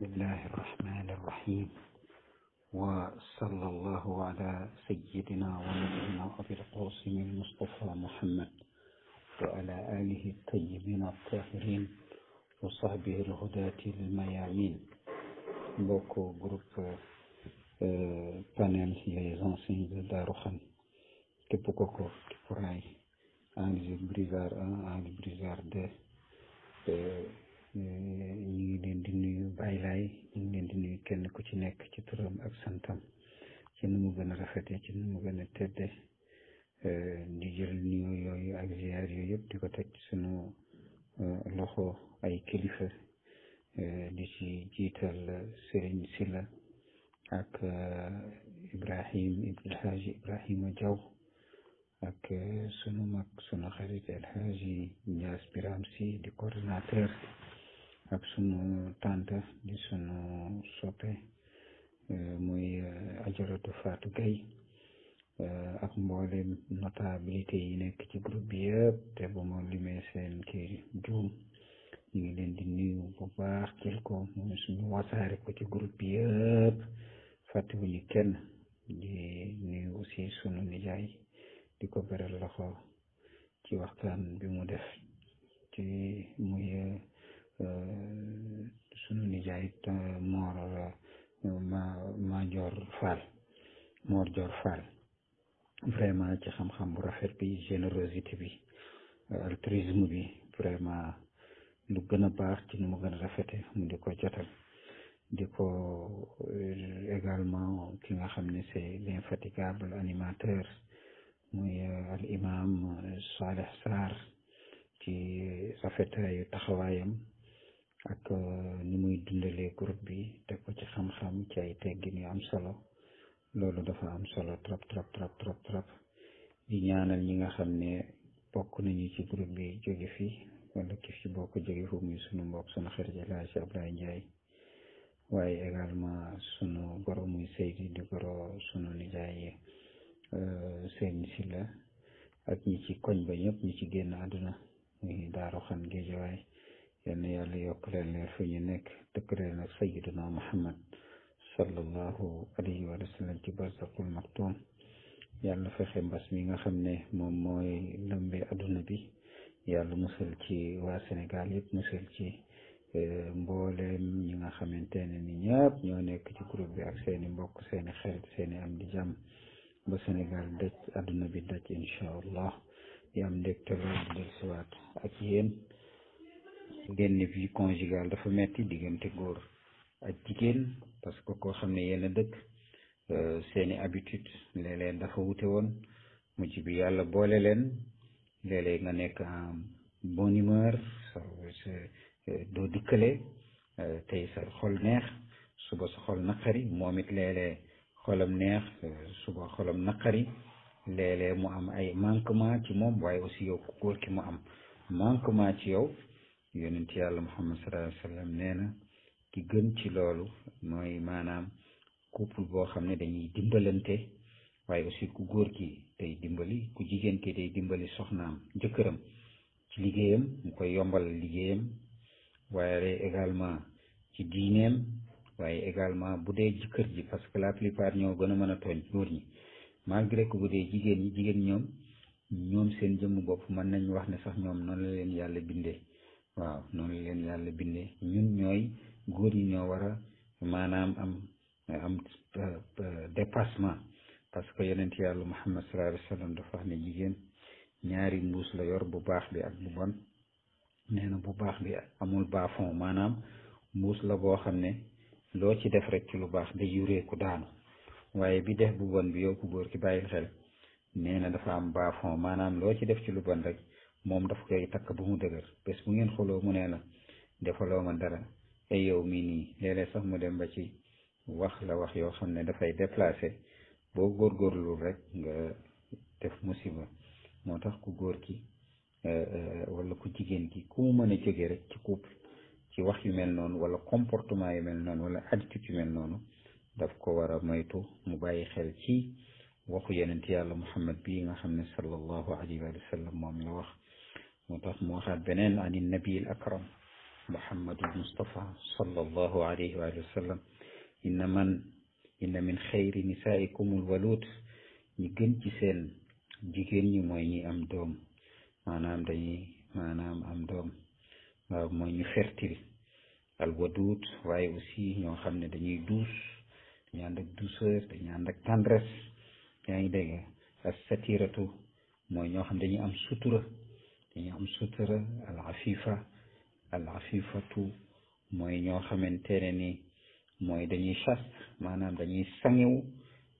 bismillahi irrahmani irrahim وصلى الله على سيدنا ونبينا أبي القاسم المصطفى محمد وعلى آله الطيبين الطاهرين وصحبه الهداة الميامين بوكو جروب بانيل les enseignes de Daroukhan képp ko ko ci pouraay analyse brisard 1 analyse brisard 2 Eh, ñu ngi leen di nuyu Baye ñu ngi nuyu kenn ku ci nekk ci turam ak santam ci nu mu gën a rafetee ci nu mu gën a tedde eh, di jël nuyu yooyu ak ziar yooyu yëpp di ko teg ci sunu eh, loxo ay kilifa di ci jiital Serigne Silla ak Ibrahim Ibn Hadj Ibrahima Diaw ak sunu mag sunu xarit El Hadj Ndiass di coordonnateur. ak sunu tante di sunu soppe eh, muy eh, ajaratu Fatou Gueye eh, ak mboolem notabilité yi nekk ci groupe bi yëpp te bu ma limee seen ki juum ñu leen di nuyu bu baax jël ko muy suñu wasaare ko ci groupe bi yëpp fàttewuñu kenn di nuyu aussi sunu nijaay di ko beral loxo ci waxtaan bi mu def ci muy sunu nijaay Mor ma Major Fall Mor Dior Fall vraiment ci xam-xam bu rafet bi générosité bi euh, altruisme bi vraiment lu gën a baax ci nu mu gën a rafete mu di ko jotal di ko euh, également ki nga xam ne c'est l'infatigable animateur muy euh, al imam Saleh Sarr ci rafetaayu taxawaayam ak euh, ni muy dundalee groupe bi teg ko ci xam-xam ci ay teggin am solo loolu dafa am solo trop trop trop trop trop di ñaanal ñi nga xam ne bokk nañu ci groupe bi jóge fi wala ki fi bokk jóge fu muy sunu mbokk sunu xarit El Hadj Abdoulaye Ndiaye waaye également sunu goro muy Seydi di goro sunu nijaay euh, sëñ si la ak ñi ci koñ ba ñëpp ñi ci génn àdduna muy daaru xan géejawaay yenn yàlla yokk leen leer fi ñu nekk dëkk leen ak na muhammad sallallahu alayhi wa sallam ci barzaqul maktum yàlla fexe mbas mi nga xam ne moom mooy lëmbe adduna bi yàlla musal ci waa Sénégal yëpp musal ci euh, mboole ñi nga xamante ne ni ñëpp ñoo nekk ci groupe bi ak seeni mbokk seeni xarit seeni am di jàmm ba Sénégal daj adduna bi daj incha allah yi am ndégte loolu del siwaat ak yéen ngeen ne vie dafa metti diggante góor ak jigéen parce que koo xam ne yéen a dëkk euh, seeni habitude léeg-léeg dafa wute woon mujj bi yàlla boole leen léeg-léeg nga nekk en bonne humeur euh, doo dikkale euh, tey sa xol neex suba sa xol naqari moom it léeg-léeg xolam neex suba xolam naqari léeg mu am ay manquement ci moom waaye aussi yow ku góor ki mu am manquement ci yow yonent yàlla muhammad sallallahu alayhi wa sallam nee na ki gën ci loolu mooy maanaam couple boo xam ne dañuy dimbalante waaye aussi ku góor ki day dimbali ku jigéen ki day dimbali soxnaam jëkkëram ci liggéeyam mu koy yombal liggéeyam waaye également ci diineem waaye également bu dee jëkkër ji parce que la plupart ñoo gën a mën a tooñ góor ñi malgré que bu dee jigéen ñi jigéen ñoom ñoom seen jëmm bopp mën nañ wax ne sax ñoom noonu la leen yàlla bindee waaw noonu leen yàlla bindee ñun ñooy góor yi ñoo war a maanaam am am euh, euh, dépassement parce que yonent yàlla muhammad sallallahu alayhi wa sallam dafa wax ne jigéen ñaari mbuus la yor bu baax bi ak bu bon nee na bu baax bi amul baaxon maanaam mbuus la boo xam ne loo ci def rek ci lu baax da yureeku daanu waaye bi def bu bon bi yow ku góor ki bàyyi xel nee na dafa am baaxon maanaam loo ci def ci lu bon rek moom daf koy takk bu mu dëgër bés bu ngeen xuloo mu nee la defaloo ma dara ay e yow mi nii léeg sax mu dem ba ci wax la wax yoo xam ne dafay déplacé boo góor góorgóorlu rek nga def musiba moo tax ku góor ki euh, euh, wala ku jigéen ki ku mu mën a jóge rek ci couple ci wax yu mel noonu wala comportement yu mel noonu wala attitude yu mel noonu daf ko war a moytu mu bàyyi xel ci waxu yeneen yàlla muhammad bii nga xam ne sallallahu alayhi wa sallam moom la wax moo tax moo tax beneen ani nabil akram muhammadul mustafa sallallahu alayhi wa sallam inna man inna min xayri nisaaikumul walut ñi gën ci seen jigéen ñi mooy ñi am doom maanaam dañuy maanaam am doom mooy ñu fertile al wadud waaye ñoo xam ne dañuy duus dañuy ànd ak douceur dañuy ànd ngi dégg as satiratu mooy ñoo xam dañuy am sutura dañu am sutura al afifa al afifatu mooy ñoo xamante ne ni mooy dañuy sas maanaam dañuy sangew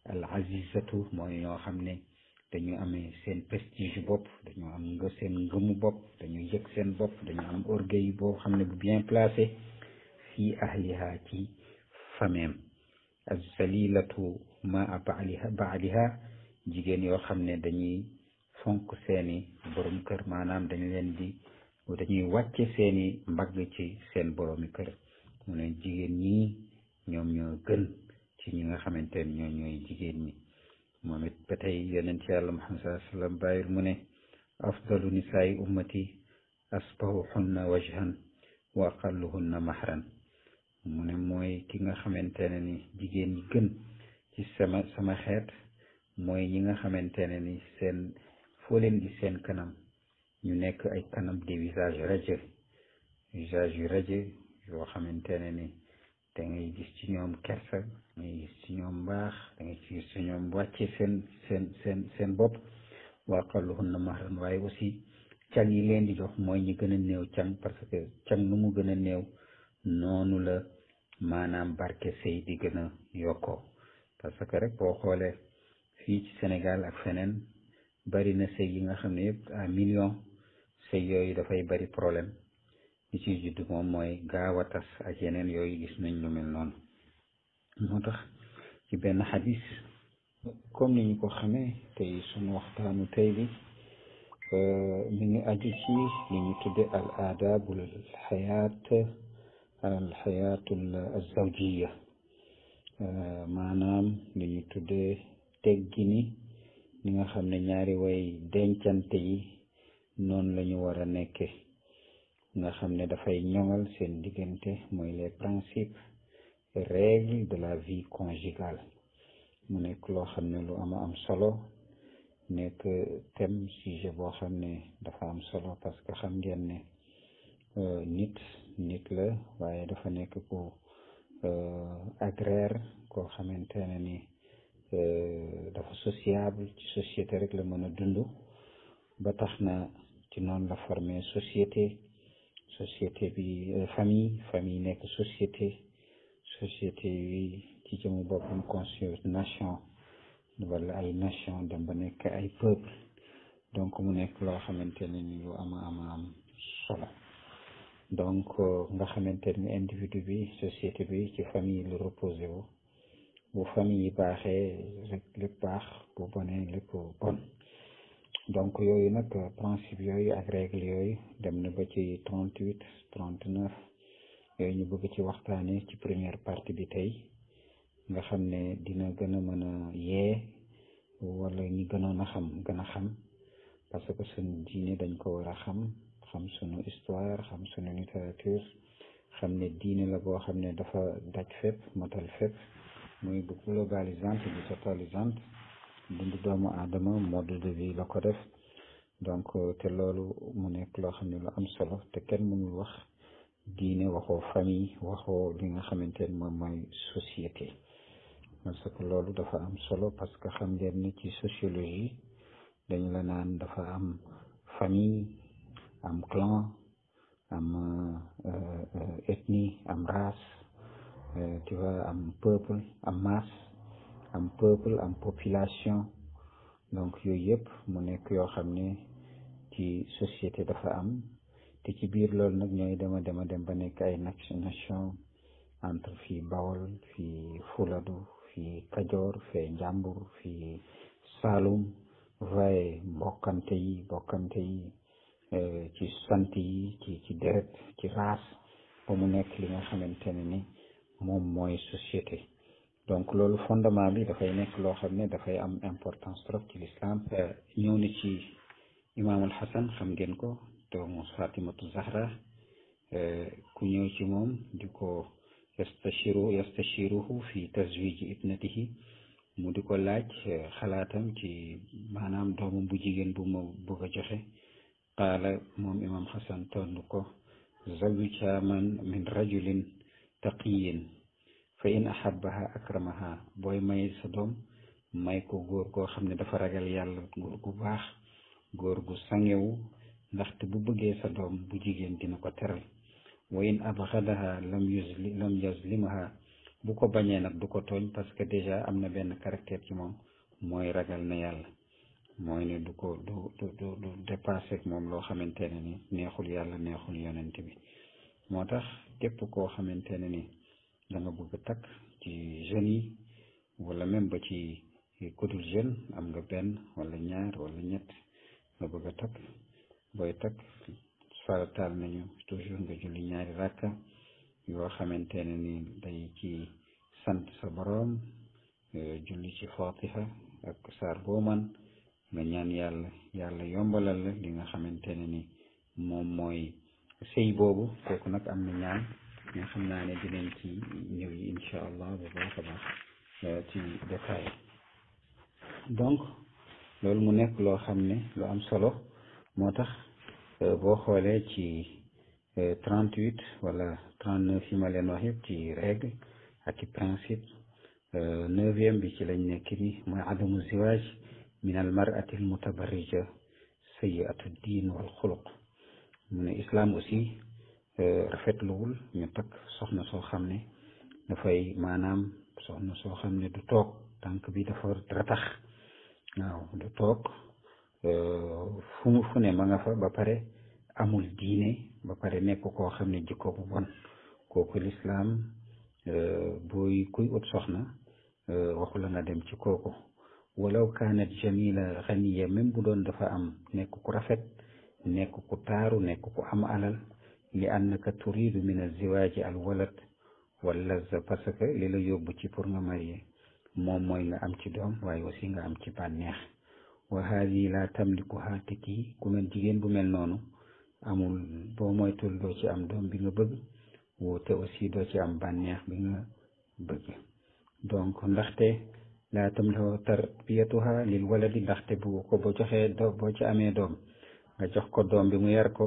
al azizatu mooy ñoo xam ne dañu am seen prestige bopp dañu am nga seen ngëmu bopp dañu yëg seen bopp dañu am orgueil boo xam ne bu bien placé fii ahliha ci fameem azalilatu ma a baaliha baaliha jigéen yoo xam ne dañuy fonk seeni borom kër maanaam dañ leen di dañuy wàcce seeni mbagg ci seen boroomi kër mu ne jigéen ñi ñoom ñoo gën ci ñi nga xamante ñoo ñoom ñooy jigéen ñi moom it ba tey yonent yàlla muhammad sallallahu alayhi wa sallam bàyyil mu ne afdalu nisaai ummati asbahuhunna wajhan wa mu ne mooy ki nga xamante ne ni jigéen ñi gën ci sama sama xeet mooy ñi nga xamante ne ni seen foo leen seen kanam ñu nekk ay kanam des visages radieux visages yu radieux yoo xamante ne ni da ngay gis ñoom kersa da ngay gis ñoom mbaax da ngay gis ci ñoom wàcce seen seen seen seen bopp waaqalluhunna mahran waaye aussi càng yi leen di jox mooy ñi gën a néew càng parce que càng nu mu gën a néew noonu la maanaam barke sëy di gën a yokkoo parce que rek boo xoolee fii ci Sénégal ak feneen bari na sëy yi nga xam ne yëpp à million sëy yooyu dafay bari problème ci ciy judd moom mooy gaaw a tas ak yeneen yooyu gis nañ lu mel noonu moo tax ci benn xadis comme ni ñu ko xamee tey sunu waxtaanu tey bi euh, mi ngi aju ci li ñu tudde al aadabul xayaat al xayaatul azawjiya euh, maanaam li ñu tudde teggini ni nga xam ne ñaari way dencante yi noonu lañu war a nekke nga xam ne dafay ñoŋal seen diggante mooy les principes et de la vie conjugale mu nekk loo xam ne lu ama am solo nekk thème sujet boo xam ne dafa am solo parce que xam ngeen ne euh, nit nit la waaye dafa nekk ku euh, agraire koo xamante ne ni Euh, dafa sociable ci société rek la mën a dund ba tax na ci noonu la formé société société bi euh, famille famille nekk société société bi ci jëmu boppam conscience nation wala ay nation dem ba nekk ay peuple donc mu nekk loo xamante ne ni lu ama am solo donc euh, nga xamante ni individu bi société bi ci famille la reposé wu bu famille yi baaxee rek lépp baax bu bonee lépp bon donc yooyu nag principe yooyu ak yooyu dem na ba ci trente huit trente neuf yooyu ñu bëgg ci waxtaane ci première partie bi tey nga xam ne dina gën a mën a yee wala ñu gënoon a xam gën a xam parce que suñu diine dañ ko war a xam xam suñu histoire xam suñu littérature xam ne diine la boo xam ne dafa daj fépp matal fépp muy bu globalisante bu totalisante dundu doomu aadama mode de vie la ko def donc te loolu mu nekk loo xam ne lu am solo te kenn mënul wax diine waxoo famille waxoo li nga xamante ne moom mooy société parce que loolu dafa am solo parce que xam ngeen ni ci sociologie dañ la naan dafa am famille am clan am euh, euh, ethnie am race Euh, tu vois am peuple am masse am peuple am population donc yooyu yëpp mu nekk yoo xam ne ki société dafa am te ci biir loolu nag ñooy dema dema dem ba nekk ay nation entre fii Bawol fii Fuladu fii Kajoor fee Njàmbur fii Saalum waaye mbokkante yi mbokkante yi euh, ci sant yi ci ci deret ci raas ba mu nekk li nga xamante ne ni moom mooy société donc loolu fondement bi dafay nekk loo xam ne dafay am importance trop ci l'islam euh, ñëw na ci imaamul Hasan xam ngeen ko doomu Fatimatu Zahra euh, ku ñëw ci moom di ko yastachiru yastachiruhu fi tazwiji ibnatihi mu di ko laaj euh, xalaatam ci maanaam doomam bu jigéen bu ma bëgg a joxe qaala moom imam Hasan tontu ko zawwijha man min rajulin taqiyin fa in ahabbaha akramaha booy may sa doom may ko góor koo xam ne dafa ragal yàlla góor gu baax góor gu sangewu ndaxte bu bëggee sa doom bu jigéen dina ko teral wa in abxadaha lam yuzli lam yuzlimaha bu ko bañee nag du ko tooñ parce que déjà am na benn caractère ci moom mooy ragal na yàlla mooy ne du ko du du du dépassé moom loo xamante ne ni neexul yàlla neexul yonent bi moo tax képp koo xamante ne ni da nga bëgg takk ci jeunes yi wala même ba ci kudul jën am nga benn wala ñaar wala ñett nga bëgg a takk booy takk farataal nañu toujours nga julli ñaari rakka yoo xamante ne ni day ci sant sa boroom julli ci fatiha ak saar boo man nga ñaan yàlla yàlla yombalal la li nga xamante ne ni moom mooy sëy boobu kooku nag am na ñaan nga xam naa ne dinañ ci ñëw yi incha allah baax a baax euh, ci détail donc loolu mu nekk loo xam ne lu am solo moo tax euh, boo xoolee ci euh, trente huit wala trente neuf yi ma leen wax yëpp ci règle ak ci principe neuvième bi ci lañ nekk ni mooy adamu ziwaaj min al marati al mutabarrija sayiatu diin mu ne islam aussi euh, rafetluwul ñu tak soxna soo xam ne dafay maanaam soxna soo xam ne du toog tànk bi dafa ratax waaw du toog euh, fu mu fu ne ma nga fa ba pare amul diine ba pare nekk koo xam ne jikko bu bon kooku lislaam euh, booy kuy ut soxna waxu la nga dem ci kooku walaw kaanat jamila xaniya même bu doon dafa am nekk ku rafet nekk ku taaru nekk ku am alal li annaka turidu min aziwaaji al walad walaza parce que li la yóbbu ci pour nga marié moom mooy nga am ci doom waaye aussi nga am ci bànneex wa haadi la tamlikuha te kii ku mel jigéen bu mel noonu amul boo moytul doo ci am doom bi nga bëgg woote aussi doo ci am bànneex bi nga bëgg donc ndaxte la tamlikuha tarbiyatuha lil waladi ndaxte bu ko boo joxee boo ci amee doom nga jox ko doom bi mu yar ko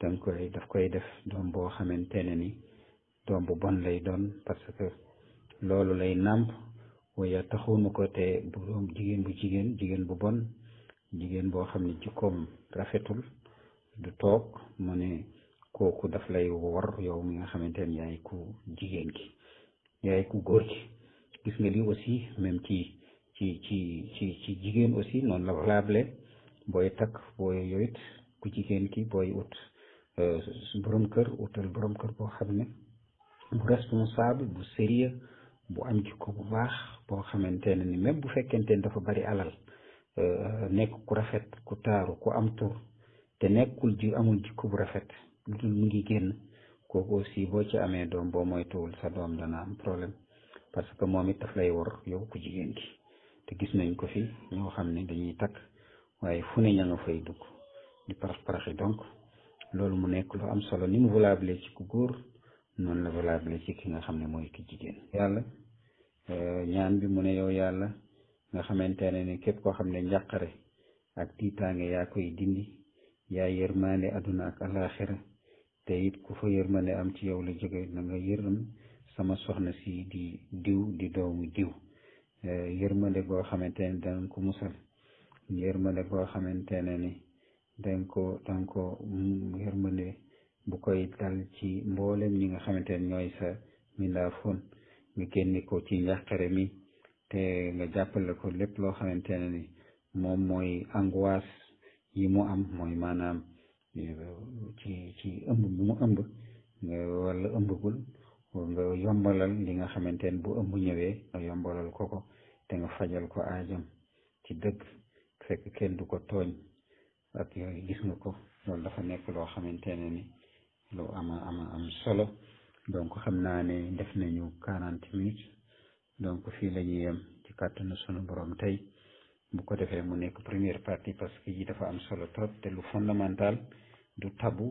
dañ koy daf koy def doom boo xamante ne ni doom bu bon lay doon parce que loolu lay nàmp waaye taxunu ko te bu doom jigéen bu jigéen jigéen bu bon jigéen boo xam ne jikkoom rafetul du toog mu ne kooku daf lay war yow mi nga xamante ne yaay ku jigéen ki yaay ku góor ki gis nga lii aussi même ci ci ci ci ci jigéen aussi noonu la valable booy takk booy yoyit ku jigéen ki booy ut euh, borom kër utal borom kër boo xam ne bu responsable bu sérieux bu am jikko bu baax boo xamante ne ni même bu fekkente ne dafa bari alal euh, nekk ku rafet ku taaru ku am tur te nekkul ji amul jikko bu rafet lu dul mu ngi génn kooku aussi boo ci amee doom boo moytuwul sa doom dana am problème parce que moom it daf lay wor yow ku jigéen ki te gis nañ ko fi ñoo xam ne dañuy takk waaye fu ne ña nga fay dugg di parax paraxi donc loolu mu nekk lu am solo ni mu valable ci ku góor noonu la valable ci ki nga xam ne mooy ki jigéen yàlla euh, ñaan bi mu ne yow yàlla nga xamante ne ni képp koo xam ne njàqare ak tiitaange yaa koy dindi yaa yërmaande àdduna ak alaxira te it ku fa yërmande am ci yow la jóge nanga nga yërëm sama soxna si di diw di doomu diw euh, yërmande goo xamante ne danañ ko musal yërmande koo xamante ne ni dénko ko dañ ko bu koy dal ci mboolem ñi nga xamante ne ñooy sa fon nga génne ko ci njàqare mi te nga jàppale ko lépp loo xamante ne ni moom mooy angoisse yi mu am mooy maanaam eh, ci ci ëmb bu ëmb nga wala ëmbagul nga yombalal li nga xamante ne bu ëmb ñëwee nga yombalal ko ko te nga fajal ko aajam ci dëgg fekk kenn du ko tooñ ak yooyu gis nga ko loolu dafa nekk loo xamante ne ni lu am ama am solo donc xam naa ne def nañu quarante minutes donc fii lañuy ñuy yem ci kàttanu sunu borom tey bu ko defee mu nekk première partie parce que yi dafa am solo trop te lu fondamental du tabu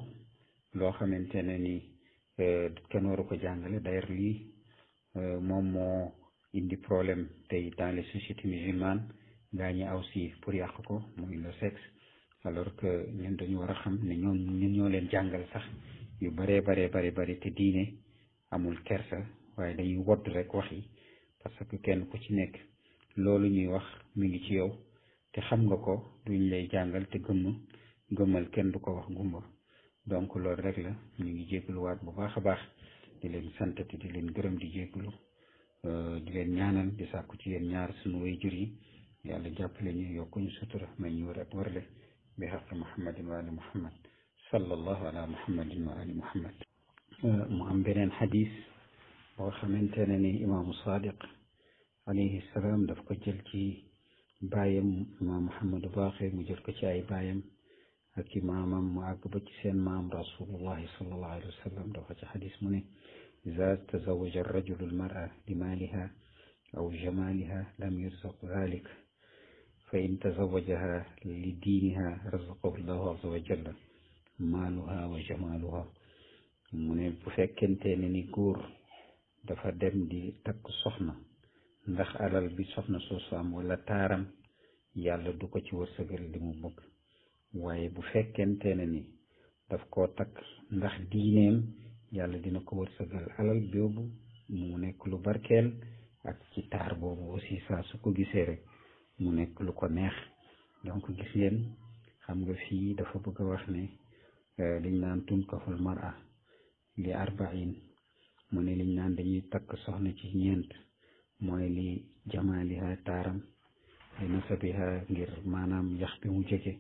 loo xamante ne ni euh, kenn waru ko jàngale d'ailleurs lii euh, moom moo indi problème tey dans les sociétés musulmanes gaañi aw si pour yàq ko muy la sexe alors que ñun dañu war a xam ne ñoo ñun ñoo leen jàngal sax yu baree baree bare bari te diine amul kersa waaye dañuy wodd rek wax yi parce que kenn ku ci nekk loolu ñuy wax mi ngi ci yow te xam nga ko duñ lay jàngal te gëmm gëmmal kenn du ko wax gumba donc loolu rek la ñu ngi jégaluwaat bu baax a baax di leen sant te di leen gërëm di jégalu euh, di leen ñaanal di sàkku ci leen ñaar suñu way jur yi yàlla jàppale ñu yokkuñu sutura may ñu war ak warle bi xaq muhammadin wa ali muhammad sallallahu ala muhammadin wa ali muhammad mu am beneen xadis boo xamante ne ni imaamu sadiq alayhi salaam daf ko jël ci baayam imaam muhammadu baaxe mu jël ko ci ay baayam ak imaamam mu àgg ba ci seen maam rasulullahi sallallahu alayhi wa sallam dafa ci xadis mu ne إذا تزوج الرجل المرأة لمالها أو جمالها لم يرزق ذلك fa in tazawajaha li diiniha razaqahu llahu azza wa maaluha wa mu ne bu fekkente ne ni góor dafa dem di takk soxna ndax alal bi soxna soosu am wala taaram yàlla du ko ci wërsëgal li mu bëgg waaye bu fekkente ne ni daf ko takk ndax diineem yàlla dina ko wërsëgal alal boobu mu nekk lu barkeel ak ci taar boobu aussi saa su ko gisee rek mu nekk lu ko neex donc gis xam nga fii dafa bëgg a wax ne euh, liñ naan tunkaful mar'a li arbain mu ne liñ naan dañuy takk soxna ci ñeent mooy li jamaaliha taaram li nasabiha ngir maanaam yax bi mu jege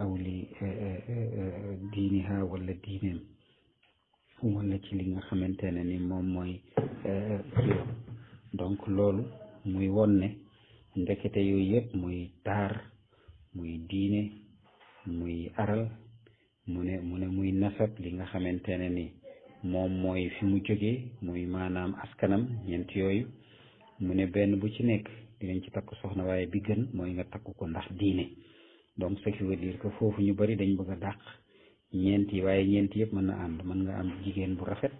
aw li euh, euh, diiniha wala diineem wala ci li nga xamante ne ni moom mooy donc loolu muy won ne ndekete yooyu yëpp muy taar muy diine muy aral mu ne mu ne muy nasab li nga xamante ne ni moom mooy fi mu jógee muy maanaam askanam ñeent yooyu mu ne benn bu ci nekk dinañ ci takk soxna waaye bi gën mooy nga takk ko ndax diine donc ce qui que foofu ñu bari dañ bëgg a dàq ñeent waaye ñeent yëpp mën na ànd mën nga am jigéen bu rafet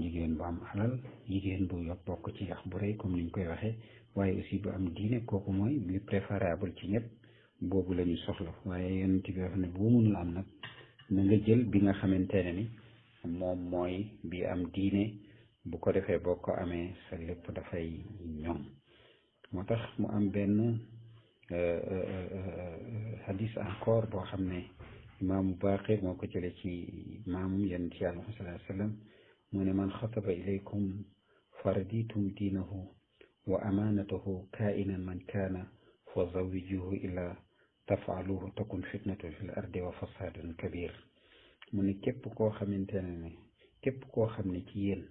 jigéen bu am alal jigéen bu yokk bokk ci yax bu rëy comme niñ koy waxee waaye aussi bu am diine kooku mooy li préférable ci ñëpp boobu la ñu soxla waaye yonent bi wax ne boo mënul am nag na nga jël bi nga xamante ne ni moom mooy bi am diine bu ko defee boo ko amee sa lépp dafay ñoom moo tax mu am benn euh, euh, euh, hadis encore boo xam ne imaamu Baaqir moo ko jële ci maamum yonent yàlla Muhammad sallallahu alayhi mu ne man xataba ilaykum faraditum diinahu wa amaanatahu kaa'inan man kaana fa zawwijuhu ilaa tafaaluhu takun fitnatun fil ardi wa fasaadun kabir mu ne képp koo xamante ne ne képp koo xam ne kii yéen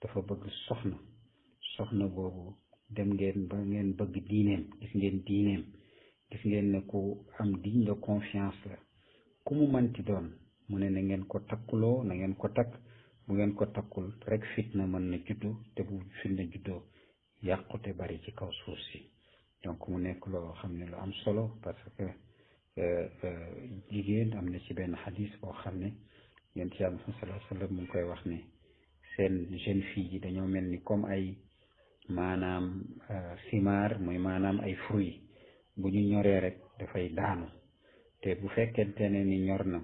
dafa bëgg soxna soxna boobu dem ngeen ngeen bëgg diineem gis ngeen diineem gis ngeen ne ku am digne de confiance la ku mu manti doon mu ne na ngeen ko takkuloo na ngeen ko takk bu ngeen ko takkul rek fitna mën na juddu te bu fitna juddoo yàqute bari ci kaw suuf donc mu nekk loo xam ne lu am solo parce que euh, euh, jigéen am na ci benn xadis boo xam ne yonent yàlla Muhammad sallallahu mu koy wax ne seen jeune fille yi dañoo mel ni comme ay maanaam euh, simaar mooy maanaam ay fruit bu ñu ñoree rek dafay daanu te bu fekkente ne ni ñor na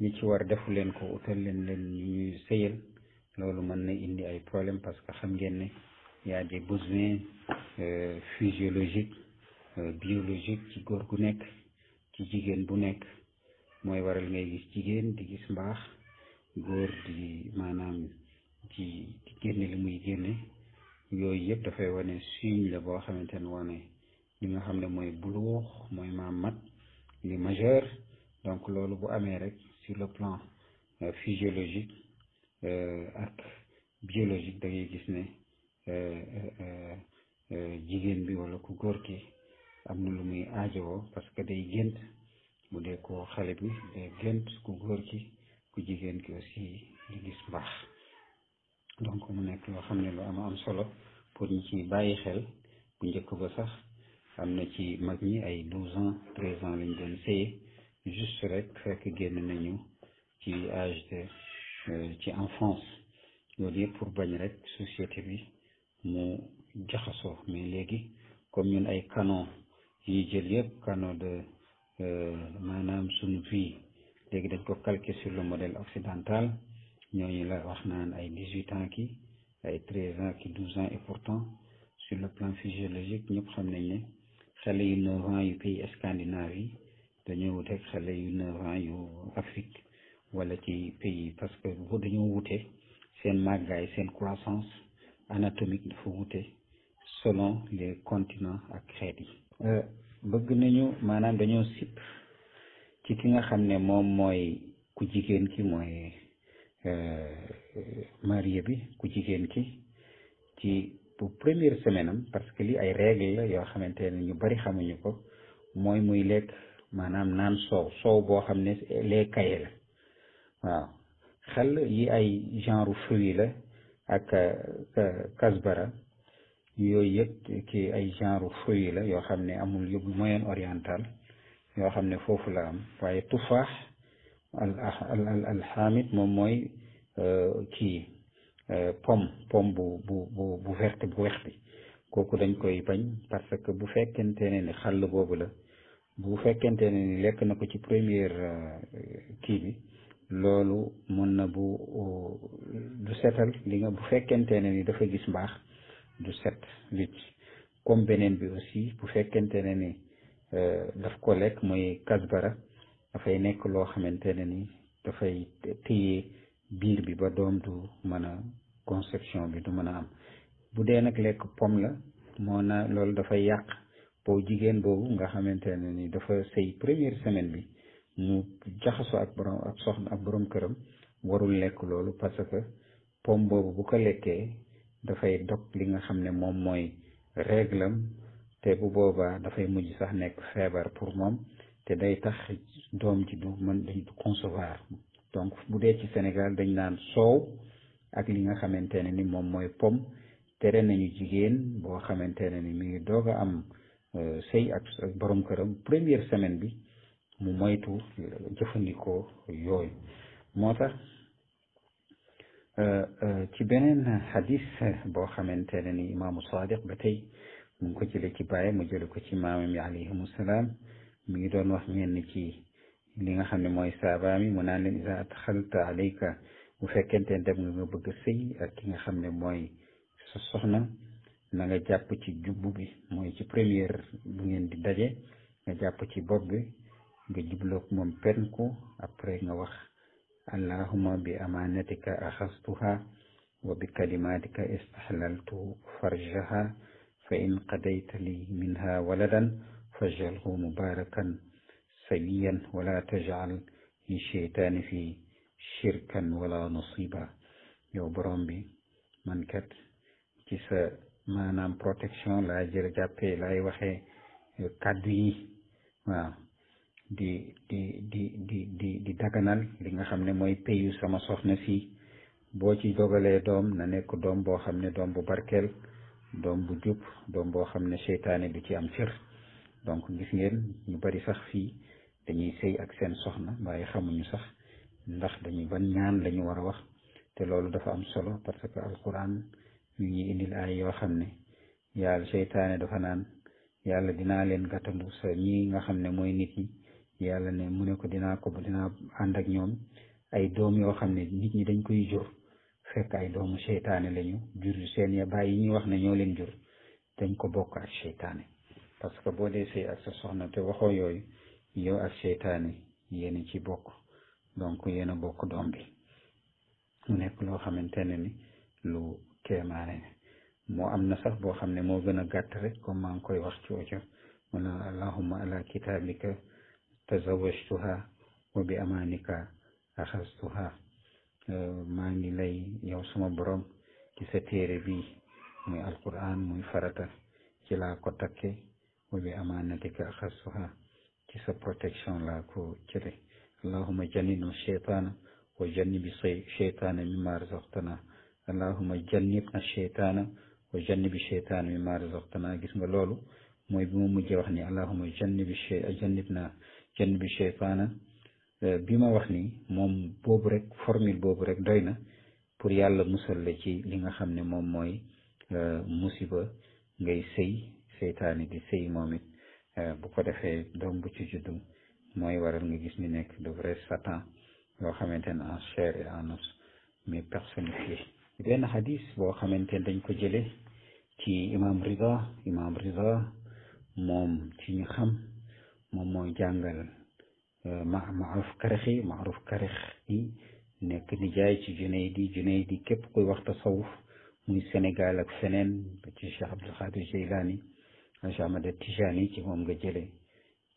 ñi ci war defu leen ko utal leen leen ñu ñuy sëyal loolu mën na indi ay problème parce que xam ngeen ne il y a des besoins euh, physiologiques euh, biologiques ci góor gu nekk ci jigéen bu nekk mooy waral ngay gis jigéen di gis mbaax góor di maanaam ci di génne li muy génne yooyu yëpp dafay wane signe la boo xamante ne wane li nga xam ne mooy buluux mooy maam mat li majeur donc loolu bu amee rek sur le plan euh, physiologique ak biologique da gis ne E, e, e, jigéen bi wala ku góor ki am na lu muy aajowoo parce que day gént bu dee ko xale bi day gént ku góor ki ku jigéen ki aussi di gis mbaax donc mu nekk loo xam ne lu am am solo pour ñu ci bàyyi xel bu njëkk ba sax am na ci mag ñi ay douze ans treize ans lañ doon sëye juste rek fekk génn nañu ci âge de euh, ci enfance loolu yëpp pour bañ rek société bi ne jaxasoo mais léegi comme ñun ay canon yi jël yëpp kanon de euh, maanaam suñu vie léegi dañ ko calqué sur le modèle occidental ñooñu la wax naan ay dix huit ans ki ay treize ans ki douze ans et pourtant sur le plan physiologique ñëpp xam nañ ne xale yu neuf ans yu pays scandinave yi dañoo wuteeg xale yu neuf ans yu Afrique wala ci pays parce que dañoo wute seen màggaay seen croissance anatomique dafa wute selon les continent ak xeet yi euh, bëgg nañu maanaam dañoo sip ci ki nga xam ne moom mooy ku jigéen ki mooy euh, marié bi ku jigéen ki ci bu première semaine am parce que lii ay règle yoo xamante ne ñu bari xamuñu ko mooy muy lekk maanaam naan soow soow boo xam ne lee kaye la waaw xel yi ay genre fruit la ak euh, kasbara yooyu yëpp ki ay genre fruit la yoo xam ne amul yëpp moyen oriental yoo xam ne foofu la am waaye tufaax al ah, al alxaamit moom mooy euh, kii euh, pomme pomme bu bu bu bu verte bu weex bi kooku dañ koy pañ parce que bu fekkente ne ni xàll boobu la bu fekkente ne lekk na ko ci première kii bi loolu mun na bu du setal li nga bu fekkente ne ni dafa gis mbaax du set wicc comme beneen bi aussi bu fekkente ne ni euh, daf ko lekk mooy kasbara dafay nekk loo xamante ne ni dafay téye biir bi ba doom du mën a conception bi du mën a am bu dee nag lekk pom la moo na loolu dafay yàq boo jigéen boobu nga xamante ne ni dafa sëy première semaine bi mu jaxasoo ak borom ak soxna ak borom këram warul lekk loolu parce que pom boobu bu ko lekkee dafay dog li nga xam ne moom mooy réglam te bu boobaa dafay mujj sax nekk xeebar pour moom te day tax doom ji du mën dañ du concevoir donc bu dee ci Sénégal dañ naan soow ak li nga xamante ne ni moom mooy pom tere nañu jigéen boo xamante ne ni mi ngi doog a am euh, sëy ak borom këram première semaine bi mu moytu euh, jëfandikoo yooyu moo tax euh, euh, ci beneen xadis boo xamante ne ni imaamu Saadiq ba tey mu ngi ko jëlee ci bàyyi mu jële ko ci maamam yi alayhimu salaam ngi doon wax ñenn ci li nga xam ne mooy saabaami mu naan leen isa adxalta alayka bu fekkente dem nga nga bëgg a sëy ak ki nga xam ne mooy sa soxna na nga jàpp ci jubbu bi mooy ci première bu ngeen di daje nga jàpp ci bopp bi nga jubloog moom penku après nga wax allahuma bi amaanatika axastuha wa bi kalimatika istahlaltu farjaha fa in qadayta li minha waladan fajalhu mubarakan sawiyan wala tajal li cheytaani fi shirkan wala nasiba yow borom bi man kat ci sa maanaam protection laa jër jàppe laay waxee kàddu yi waaw di di di di di di daganal li nga xam ne mooy payu sama soxna si boo ci dogalee doom na nekk doom boo xam ne doom bu barkeel doom bu jub doom boo xam ne seytaane du ci am cër donc gis ngeen ñu bari sax fii dañuy sëy ak seen soxna waaye xamuñu sax ndax dañuy ban ñaan lañu war a wax te loolu dafa am solo parce que alquran ñu ñuy indil ay yoo xam ne yàlla seytaane dafa naan yàlla dinaa leen gàttandu sa ñi nga xam ne mooy nit ñi yàlla ne mu ne ko dinaa ko dinaa ànd ak ñoom ay doom yoo xam ne nit ñi dañ koy jur fekk ay doomu seytaane lañu jur seen ya bàyyi yi ñuy wax ne ñoo leen jur dañ ko bokk ak seytaane parce que boo dee sëy ak sa soxna te waxoo yooyu yow ak seytaane yéen ci bokk donc yéen a bokk doom bi mu nekk loo xamante ne ni lu kéemaane moo am na sax boo xam ne moo gën a gàtt rek comme maa ngi koy wax ci oco mu ne allahumma tazawajtuha wa bi amaanika axastuha euh, maa ngi lay yow suma borom ci sa téere bi muy alquran muy farata ci laa ko takke wa bi amaanatika axastuha ci sa protection laa ko allahuma jannibna cheytaana wa jannibi cheytaana mimma razaqtana allahuma jannibna gis nga loolu mooy bi mu mujjee wax ni allahuma jannibi chey jënn bi cheytaana euh, bi ma wax ni moom boobu rek formule boobu rek doy na pour yàlla musal la ci li nga xam ne moom mooy euh, musiba ngay sëy seytaane di sëy moom it euh, bu ko defee doom bu ci juddu mooy waral nga gis ñu nekk de vrai satan yoo xamante ne en chair et en os mais personnifié benn hadis boo xamante ne dañ ko jële ci imam Rida imam Rida moom ci ñu xam moom mooy jàngal euh, Maaruf Karixi Maaruf Karixi nekk nijaay ci Junayd Junayd képp kuy wax tasawuf muy Sénégal ak feneen ba ci Cheikh Abdul Xaadir Jeylaani Cheikh Ahmad Tijaani ci moom nga jële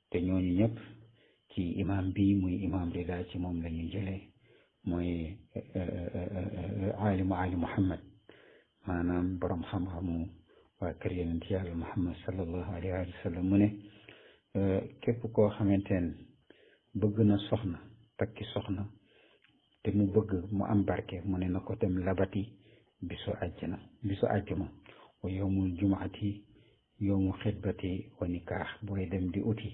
te ñooñu ñëpp ci imam bi muy imam rida ci moom la ñu jële mooy euh, euh, alimu ali Muhammad maanaam borom xam-xamu waa kër yonent yàlla Muhammad sallallahu alayhi wa sallam mu ne Euh, képp koo xamante ne bëgg na soxna takki soxna te mu bëgg mu am barke mu ne na ko dem labati bisu àjjana bisu àjjuma wa yowmul jumaati yowmu xitbati wa nikaax booy dem di uti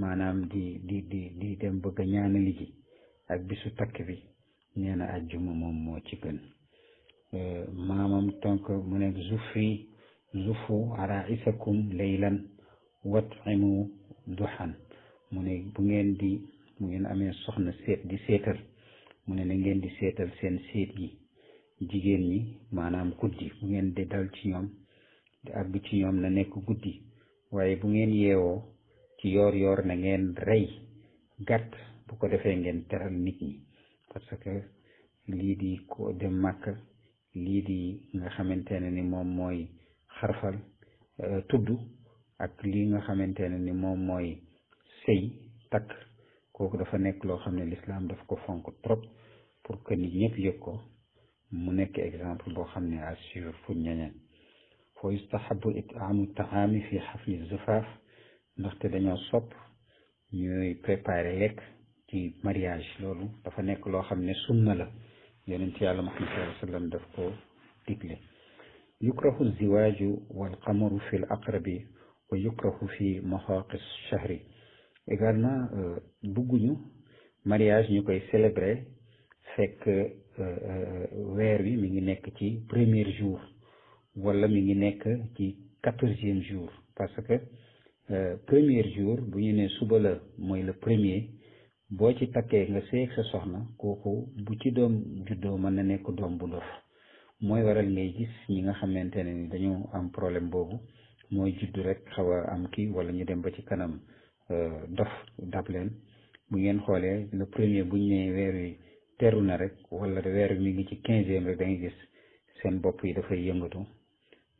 maanaam di di di di dem bëgg a ñaanali ji ak bisu bi nee na àjjuma moom moo ci gën euh, maamam donc mu nekk zufri zufu ara isakum laylan watimu duhan mu ne bu ngeen di mu ngeen amee soxna seet di seetal mu ne na ngeen di seetal seen seet yi jigéen ñi maanaam guddi bu ngeen di dal ci ñoom di àgg ci ñoom na nekk guddi waaye bu ngeen yeewoo ci yoor yoor na ngeen rey gàtt bu ko defee ngeen teral nit ñi parce que lii di ko dem màkk lii di nga xamante ne ni moom mooy xarfal euh, tudd ak lii nga xamante ne ni moom mooy sëy takk kooku dafa nekk loo xam ne lislaam daf ko fonk trop pour que nit ñëpp yëg ko mu nekk exemple boo xam ne à suivre pour ñeneen fa yustahabu a taami fi xafli zufaaf ndaxte dañoo sop ñuy préparer lekk ci mariage loolu dafa nekk loo xam ne sunna la yonent yàlla muhammad sallallahu alayhi wa sallam daf ko digle yukrahu ziwaaju wal fi l wa yukrahu fi maxaaqis shahri également euh, bugguñu mariage ñu koy célébrer fekk euh, euh, weer wi mi ngi nekk ci premier jour wala mi ngi nekk ci quatorzième jour parce que premier jour bu ñu ne suba la mooy le premier boo ci takkee nga seeg sa soxna kooku bu ci doom juddoo mën na nekk doom bu dof mooy waral ngay gis ñi nga xamante ne ni dañoo am problème boobu mooy juddu rek xaw am kii wala ñu dem ba ci kanam euh, dof dab bu ngeen xoolee le premier buñ ne weer wi teru na rek wala weer wi mi ngi ci quinzième rek da gis seen bopp yi dafay yëngatu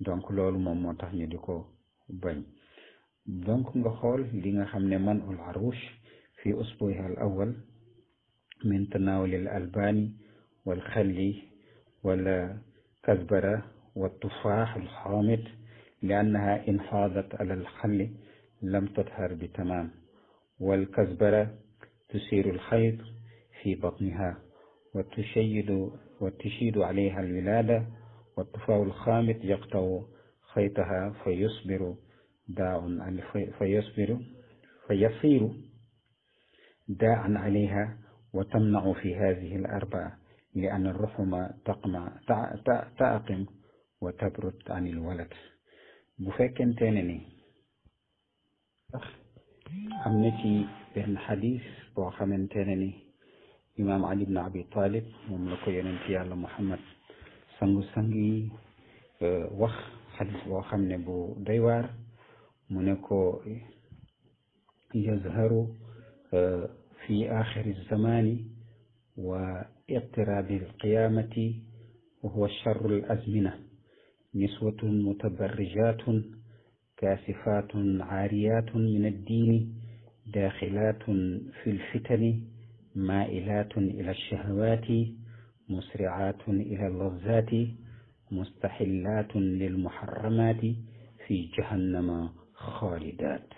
donc loolu moom moo tax ñu di ko bañ donc nga xool li nga xam ne man ul arush fi usbuhi al awal min tanawulil albani wal xalli wala kasbara wa tufaax al xaamit li annaha in xaadat ala alxamli lam tadhar bi tamaam walkasbara tusiiru alxayd fi batniha wa tushayidu wa tushiidu alayha alwilaada wa tufaahu alxaamit yaqtawu xaytaha fa yusbiru daaun fa yusbiru fa yasiiru daan alayha wa tamnau fi hadihi alarbaa li an arruxuma taqma taaqim wa tabrut an alwalad bu fekkente ne ni am na ci benn xadis boo xamante ne ni imaam ali ibn abi talib moom la ko yonent yàlla muhammad sangu-sang yi e, wax xadis boo xam ne bu doy mu ne ko yazharu e, fi axiri zamani wa niswatun mutabarrijatun kaasifatun aariyaatun min addiini daaxilaatun fi lfitani maailaatun ila alshahawaati musricaatun ila allazaati mustaxillaatun lilmuharramaati fi jahannama xaalidaat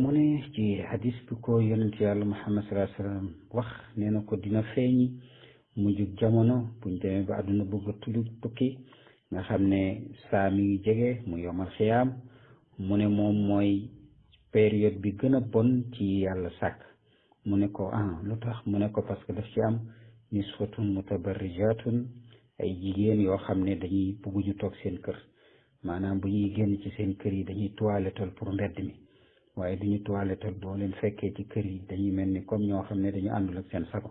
mu ne ci hadis bi ko yonent yàlla Muhammad sallallahu alayhi wa sallam wax nee na ko dina feeñi mu mujjug jamono bu demee ba àdduna bëgg a tudd tukki nga xam ne saa mi ngi jege mu yomal xiyaam mu ne moom mooy période bi gën a bon ci yàlla sàkk mu ne ko ah lu tax mu ne ko parce que daf ci am niswatun mutabarrijatun ay jigéen yoo xam ne dañuy bugguñu toog seen kër maanaam bu ñuy génn ci seen kër yi dañuy toilettal pour mbedd mi waaye duñu toilettal boo leen fekkee ci kër yi dañuy mel ni comme ñoo xam ne dañu àndul ak seen sago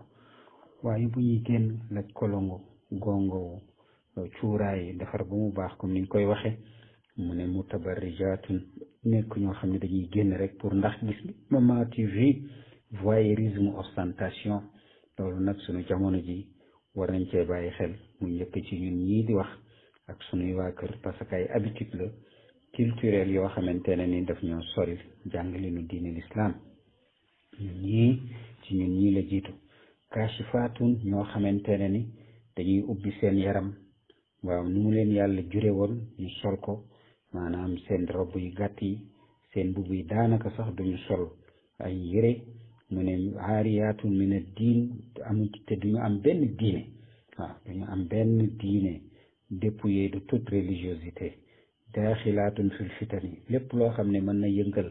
waaye bu ñuy génn laaj kolongo gongowu cuuraay defar ba mu baax kom niñ koy waxe mu ne mu mutabarrijaatun nekk ñoo xam ne dañuy génn rek pour ndax gis bi Mama TV voyeurisme ostentation loolu nag suñu jamono ji war nañ cee bàyyi xel mu njëkk ci ñun ñii di wax ak suñuy waa kër parce que ay habitude la culturelle yoo xamante ne ni daf ñoo sori jàngale nu diine l'islam ñii ci ñun ñii la jiitu kaashifaatun ñoo xamante ne ni dañuy ubbi seen yaram waaw nu mu leen yàlla jure woon ñu sol ko maanaam seen robb yu gàtt yi seen mbubb yi daanaka sax duñu sol ay yére mu ne aariyaatun min a diin te duñu am benn diine waaw duñu am benn diine dépouillé de toute religiosité daaxilaatun fil lépp loo xam ne mën na yëngal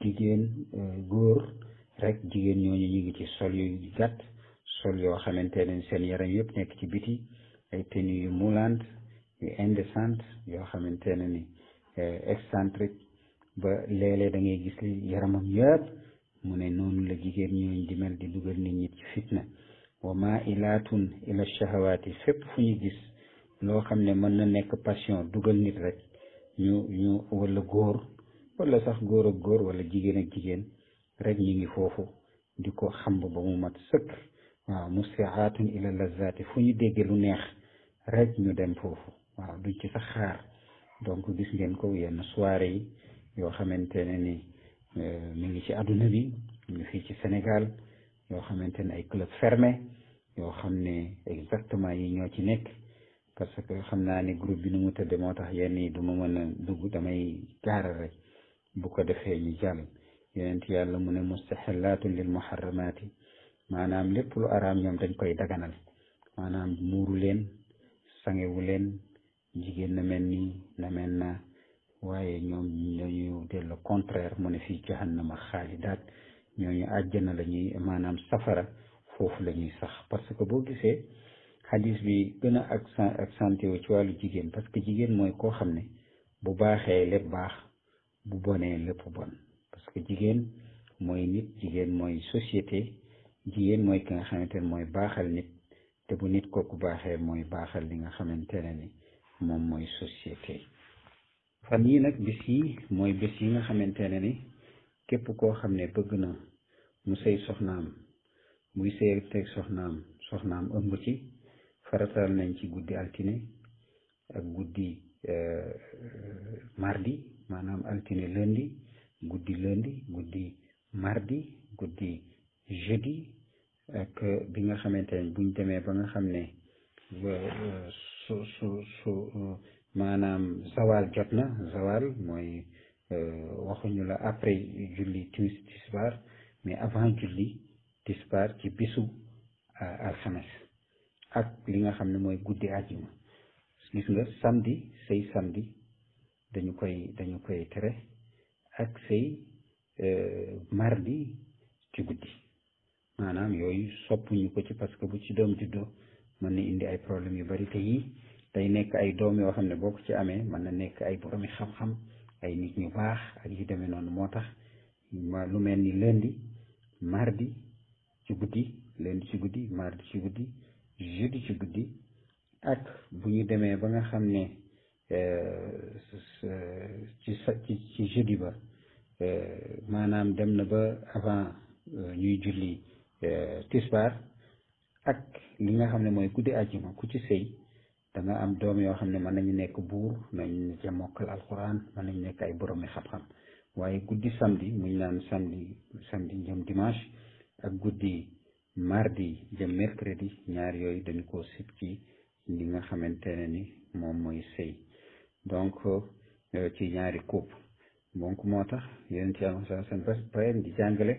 jigéen euh, góor rek jigéen ñooñu ñu ngi ci sol yu gàtt sol yoo xamante ne seen yaram yëpp nekk ci biti ay tenues yu moulante yu indécente yoo xamante ne ni eh, excentrique ba léeg-léeg da ngay gis yaramam yëpp mu ne noonu la jigéen ñooñu di mel di dugal nit ñi ci fitna wa ma ilaatun ila shahawaati fépp fu ñu gis loo xam ne mën na nekk passion dugal nit rek ñu ñu wala góor walla sax góor ak góor wala jigéen jigéen rek ñu ngi foofu di ko xamb ba mu mat sëkk waaw musiatun ila lazati fu ñu déggee lu neex rek ñu dem foofu waaw duñ ci sax xaar donc gis ngeen ko yenn soirée yi yoo xamante ne ni euh, mi ngi ci àdduna bi mi fii ci Sénégal yoo xamante ne ay club fermé yoo xam ne exactement yi ñoo ci nekk parce que xam naa ne groupe bi nu mu tëddee moo tax yenn yi du ma mën a dugg damay gaara rek bu ko defee ñu jàll yonent yàlla mu ne mustaxillaatun lil muharramaati maanaam lépp lu araam ñoom dañ koy daganal maanaam muuru leen sangewu leen jigéen na mel nii na mel na waaye ñoom dañu del le contraire mu ne fii jahannama xaalidaat ñooñu àjjana la ñuy maanaam safara foofu la sax parce que boo gisee xadis bi gën a accent wu ci wàllu jigéen parce que jigéen mooy koo xam ne bu baaxee lépp baax bu bonee lépp bon parce que jigéen mooy nit jigéen mooy société jigéen mooy ki nga xamante ne mooy baaxal nit te bu nit kooku baaxee mooy baaxal li nga xamante ne ni moom mooy société fan yii nag bis yi mooy bis yi nga xamante ne ni képp koo xam ne bëgg na mu sëy soxnaam muy sëy teg soxnaam soxnaam ëmb ci faratal nañ ci guddi altine ak guddi euh, mardi maanaam altine lundi guddi lundi guddi mardi guddi jeudi bi nga xamante ne buñ demee ba nga xam ne su su su maanaam zawal jot na zawal mooy euh, waxuñu la après julli timis tisbaar mais avant julli tisbaar ci bisu alxames ak li nga xam ne mooy guddi àjjuma gis nga samedi say samedi dañu koy dañu koy tere ak sëy euh, mardi ci guddi maanaam yooyu soppuñu ko ci parce que bu ci doom juddoo mën na indi ay problème yu bari te yii day nekk ay doom yoo xam ne boo ko ci amee mën na nekk ay boroomi xam-xam ay nit ñu baax ak yu demee noonu moo tax lu mel ni lundi mardi ci guddi lundi ci guddi mardi ci guddi jeudi ci guddi ak bu ñu demee ba nga xam ne Euh, ci sa ci ci jeudi ba euh, maanaam dem na ba avant euh, ñuy julli tisbaar ak li nga xam ne mooy guddi àjjuma ku ci sëy da am doom yoo xam ne mën nañu nekk buur mën nañu ca mokkal alxuraan mën nañu nekk ay boromi xam-xam waaye guddi samedi mu naan samedi samedi jëm dimanche ak guddi mardi jëm mercredi ñaar yooyu dañ ko sib ci li nga xamante ne ni moom mooy sëy donc euh, ci ñaari coupe donc moo tax yonent yàlla sa seen prem di jàngale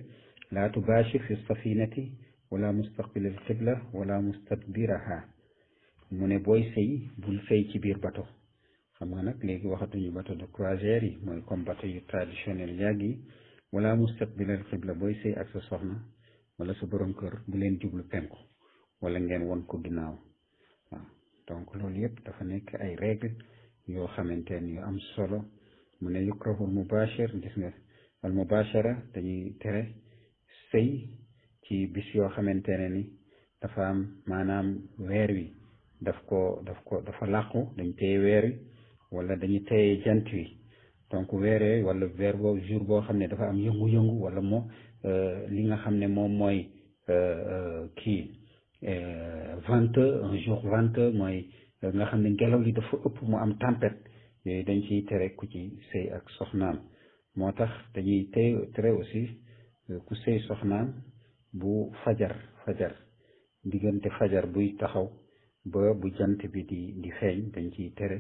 laa tubashir fi safinati wala mustaqbil al qibla wala mustadbiraha mu ne booy sëy bul ci biir bato xam nga nag léegi waxatuñu bato de yi mooy comme bato yu traditionnel yàgg yi wala mustaqbil booy sëy ak sa soxna wala sa borom kër bu leen jublu penku wala ngeen won ko ginnaaw donc loolu yëpp dafa nekk ay règle yoo xamante ne am solo mu ne yukrahu mubashir gis nga al mubashara dañuy tere sëy ci bis yoo xamante ne ni dafa am maanaam weer wi daf ko daf ko dafa làqu dañ téye weer wi wala dañu téye jant wi donc weer walla wala boobu jour boo xam ne dafa am yëngu-yëngu wala moo euh, li nga xam ne moom mooy euh, euh, kii venteux un jour venteux mooy nga xam ne ngelaw li dafa ëpp mu am tempet yooyu dañ ciy tere ku ci sëy ak soxnaam moo tax dañuy tey tere aussi euh, ku sëy soxnaam bu fajar fajar diggante fajar buy taxaw ba bu jant bi di di feeñ dañ ciy tere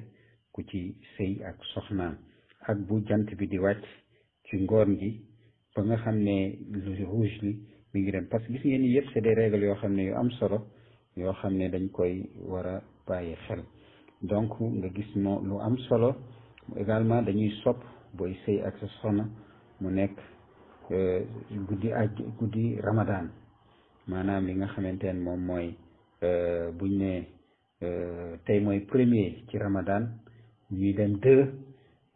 ku ci sëy ak soxnaam ak bu jant bi di wàcc ci ngoon gi ba nga xam ne lu rouge li mi ngi dem parce que gis ngeen ni yëpp c'est des yoo xam ne yu am solo yoo xam ne dañ koy war a bàyyi xel donc nga gis no lu am solo également dañuy sopp booy sëy ak sa soxna mu nekk euh, guddi aj guddi ramadaan maanaam li nga xamante ne moom mooy euh, buñ ne euh, tey mooy premier ci ramadaan ñuy dem deux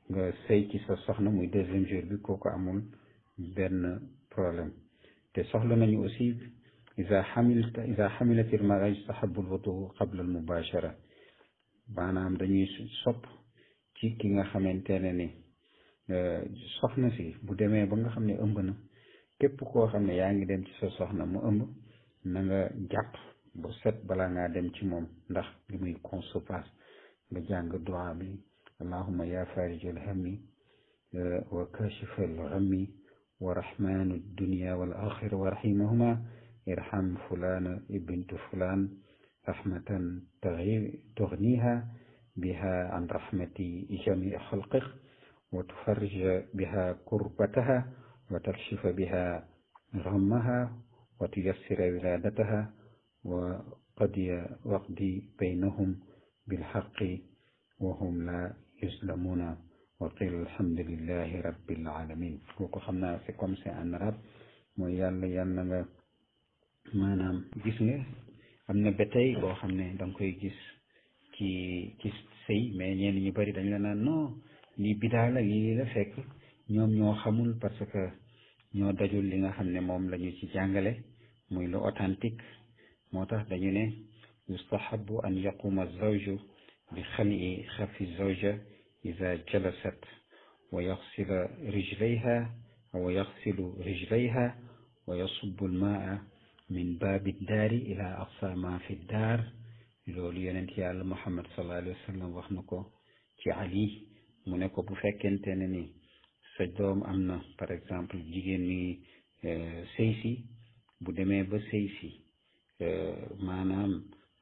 nga sëy ci sa soxna muy deuxième jour bi kooku amul benn problème te soxla nañu aussi isa xamilta isa xamilatil maraj saxabul wudu qabla al mubashara maanaam dañuy sopp ci ki nga xamante ne ni euh, soxna si bu demee ba nga xam ne ëmb na képp koo xam ne yaa ngi dem ci sa soxna mu ëmb na nga jàpp bu set balaa ngaa dem ci moom ndax li muy conséquence nga jàng du'a bi allahumma ya farijal hammi euh, wa kashifal ghammi wa rahmanu dunya wal axira wa rahimahuma irham fulana ibintu fulan rahmatan tughniha biha an rahmati jami xalqik wa tufarrij biha kurbataha wa takshifa biha rammaha wa tuyassira wiladataha wa qadiya waqdi baynahum bilxaqi wa hum la yuzlamuna wa qila alhamdulillahi rabbil alamin kooku xam naa c'est comme c'est en arabe mooy yàlla yàlla nga maanaam gis nga am na ba tey boo xam ne danga koy gis ci ci sëy mais ñenn ñu bari dañ la naan non lii bidaa la lii la fekk ñoom ñoo xamul parce que ñoo dajul li nga xam ne moom la ñu ci jàngale muy lu authentique moo tax dañu ne yustahabu an yaquma zawju bi xami xafi zawja ida jalasat wa yaxsila rijlayha wa yaxsilu rijlayha wa yasubu almaa min baabi daari ila aqsa ma fi daar loolu yeneen yonent yàlla muhammad sallallahu alayhi wax na ko ci ali mu ne ko bu fekkente ne ni sa doom am na par exemple jigéen ni euh, sëy si bu demee ba sëy si euh, maanaam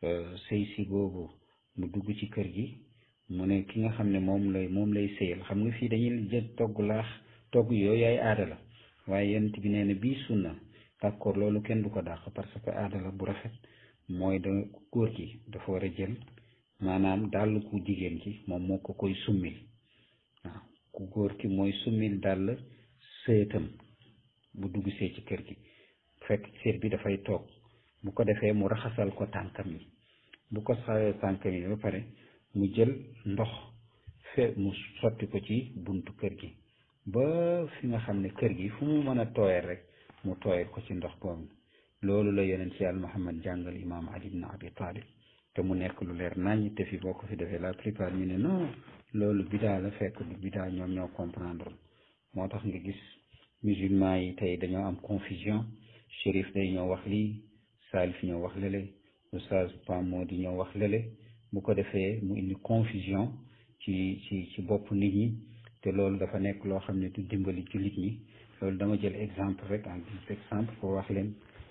euh, sëy si boobu mu dugg ci kër gi mu ne ki nga xam ne moom lay moom lay sëyal xam nga fii dañuy jël togg laax togg yooyu ay aada la waaye yonent bi nee bii sunna d'accord loolu kenn du ko dàq parce que aada bu rafet mooy da góor gi dafa war a jël maanaam dàll ku jigéen ci moom moo ko koy summil waaw ku góor ki mooy summil dàll seetam bu dugg see ci kër gi fekk seet bi dafay toog bu ko defee mu raxasal ko tànkam yi bu ko saxalee tànkam yi ba pare mu jël ndox fe mu sotti ko ci buntu kër gi ba fi nga xam ne kër gi fu mu mën a tooyal rek mu tooyal ko ci ndox boobu loolu la yeneen ci yàlla Muhammad jàngal imaam Ali ibn Abi te mu nekk lu leer nañ te fi boo ko fi defee la plupart ñu ne non loolu bidaa la fekk du bidaa ñoom ñoo comprendre moo tax nga gis musulman yi tey dañoo am confusion shérif day ñoo wax lii saalif ñoo wax lële oustaz Pam moo di ñoo wax lële bu ko defee mu indi confusion ci ci ci bopp nit ñi te loolu dafa nekk loo xam ne du dimbali jullit ñi loolu dama jël exemple rek en guise exemple pour wax leen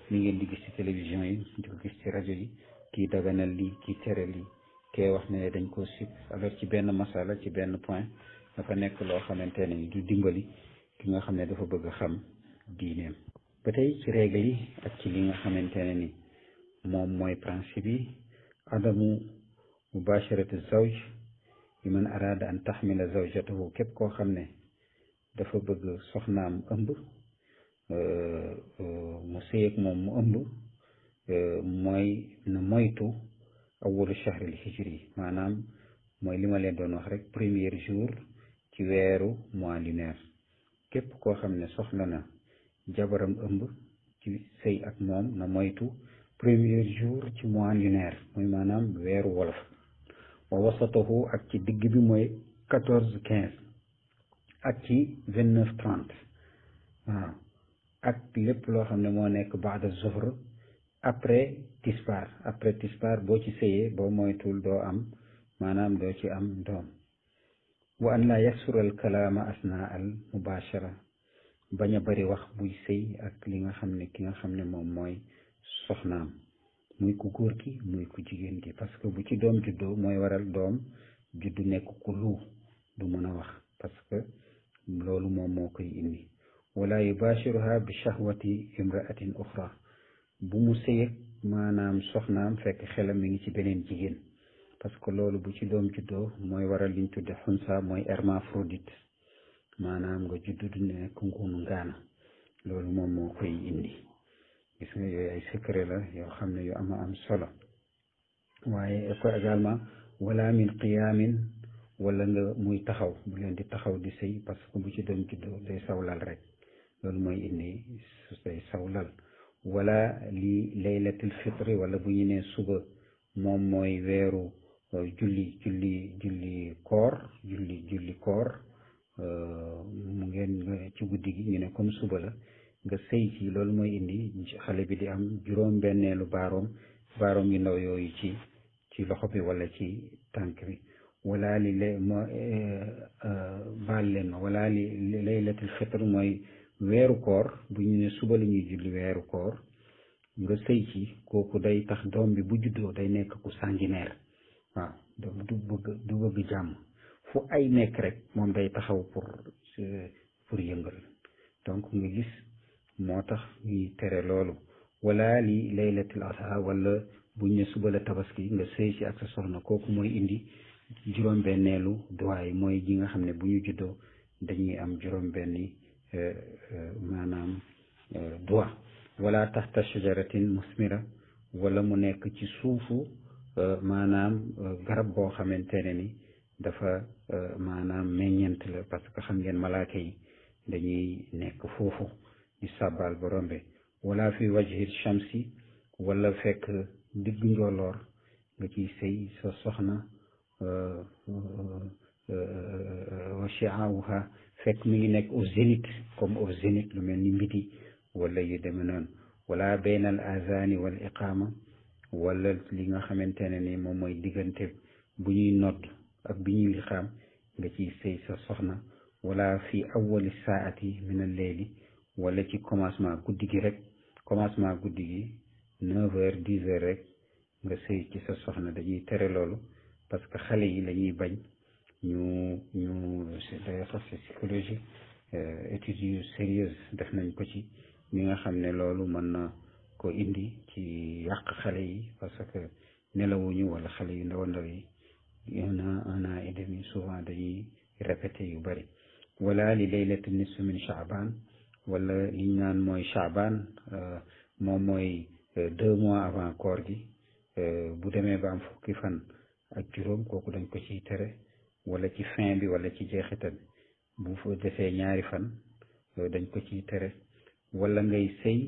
li ngeen di gis ci télévision yi di ko gis ci rajo yi kii daganal lii kii tere lii kee wax ne dañ koo sip alors ci benn masala ci benn point dafa nekk loo xamante ne du dimbali ki nga xam ne dafa bëgg a xam diineem ba tey ci règle yi ak ci li nga xamante ne ni moom mooy principe yi adamu mubasharati zawj bi man arada an taxmila zawjatahu képp koo xam ne dafa bëgg soxnaam ëmb euh, euh, mu sëyeeg moom mu ëmb euh, mooy na moytu awalu chahril hijri maanaam mooy li ma leen doon wax rek premier jour ci weeru mois lunaire képp koo xam ne soxla na jabaram ëmb ci sëy ak moom na moytu premier jour ci mois lunaire mooy maanaam weeru wolof wa wasatahu ak ci digg bi mooy quatorze quinze ak ci vingt neuf trente ak lépp loo xam ne moo nekk de zuhr après tisbaar après tisbaar boo ci sëyee boo moytul doo am maanaam doo ci am doom wa an laa yaksura al kalaama asnaa al mubashara bañ a bari wax buy sëy ak li nga xam ne ki nga xam ne moom mooy soxnaam muy ku góor ki muy ku jigéen ki parce que bu ci doom juddoo mooy waral doom juddu nekk ku lu du mën a wax parce que loolu moom moo koy indi wala yubashiruha bi shahwati imraatin uxra bu mu sëyeg maanaam soxnaam fekk xelam mi ngi ci beneen jigéen parce que loolu bu ci doom juddoo mooy waral liñ tudde xunsa mooy hermaphrodite maanaam nga judd du nekk nguunu ngaana loolu moom moo koy indi gis nga yooyu ay secret yoo xam ne yu ama am solo waaye ko également min qiyaamin wala nga muy taxaw bu leen di taxaw di sëy parce que bu ci doom juddoo day sawlal rek loolu mooy indi su day sawlal wala li laylatul fitri wala bu ñu nee suba moom mooy weeru euh, julli julli julli koor julli julli koor euh, mu ngeen ci guddi gi ñu ne comme suba la nga sëy ci loolu mooy indi xale bi di am juróom benneelu baaroom baaroom yu ndaw yooyu ci ci loxo bi walla ci tànk bi wala li lay moo eh, eh, ma wala li mooy weeru koor bu ñu ne suba la ñuy julli weeru koor nga sëy ci kooku day tax doom bi bu juddoo day nekk ku sanguinaire waaw du bëgg du bëgg jàmm fu ay nekk rek moom day taxaw pour pour yëngal donc nga gis moo tax ñuy tere loolu wala li laylatul adha walla bu ñu ne suba la tabaski nga sëy ci ak sa soxna kooku mooy indi juróom-benneelu duwaay mooy ji nga xam ne bu ñu juddoo dañuy am juróom-benni euh, euh, maanaam euh, walaa tax taxta shajaratin musmira wala mu nekk ci suufu maanaam garab boo xamante ne ni dafa maanaam meññeent la parce que xam ngeen malaaka yi dañuy nekk foofu di sàbbaal borom bi wala fi wajhi shamsi wala fekk digg njooloor nga ciy sëy sa soxna chiaawuha fekk mu ngi nekk au zénith comme au zénith lu mel ni midi wala yu demee noonu wala baynal azani wal iqama wala li nga xamante ne ni moom mooy diggante bu ñuy nodd ak bi ñuy liqaam nga ciy sëy sa soxna wala fi awali saati min al leyli wala ci commencement guddi gi rek commencement guddi gi neuf heures rek nga sëy ci sa soxna dañuy tere loolu parce que xale yi lañuy bañ ñu ñu c'est d'ailleurs psychologie euh, études sérieuse def nañ ko ci ñi nga xam ne loolu mën na ko indi ci yàq xale yi parce que nelawuñu wala xale yu ndaw ndaw yi un an un souvent dañuy répété yu bëri wala li laylati nisfi min chaaban wala li ñu naan mooy chaaban euh, moom mooy euh, deux mois avant koor gi bu demee ba am fukki fan ak juróom kooku dañ ko ciy tere wala ci fin bi wala ci jeexital bu fa defee ñaari fan dañ ko ciy tere wala ngay sëy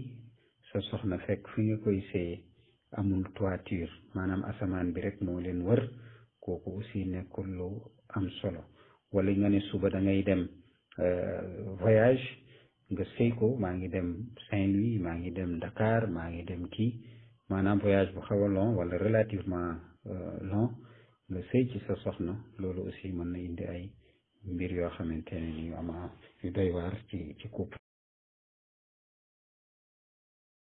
sa soxna fekk fi nga koy sëyee amul toiture maanaam asamaan bi rek moo leen wër kooku aussi nekkul lu am solo wala nga ne suba da ngay dem euh, voyage nga sëy ko maa ngi dem Saint-Louis maa ngi dem Dakar maa ngi dem kii maanaam voyage bu xaw a long wala relativement euh, long nga sëy ci sa soxna loolu aussi mën na indi ay mbir yoo xamante ne ni yu ama yu doy waar ci ci couple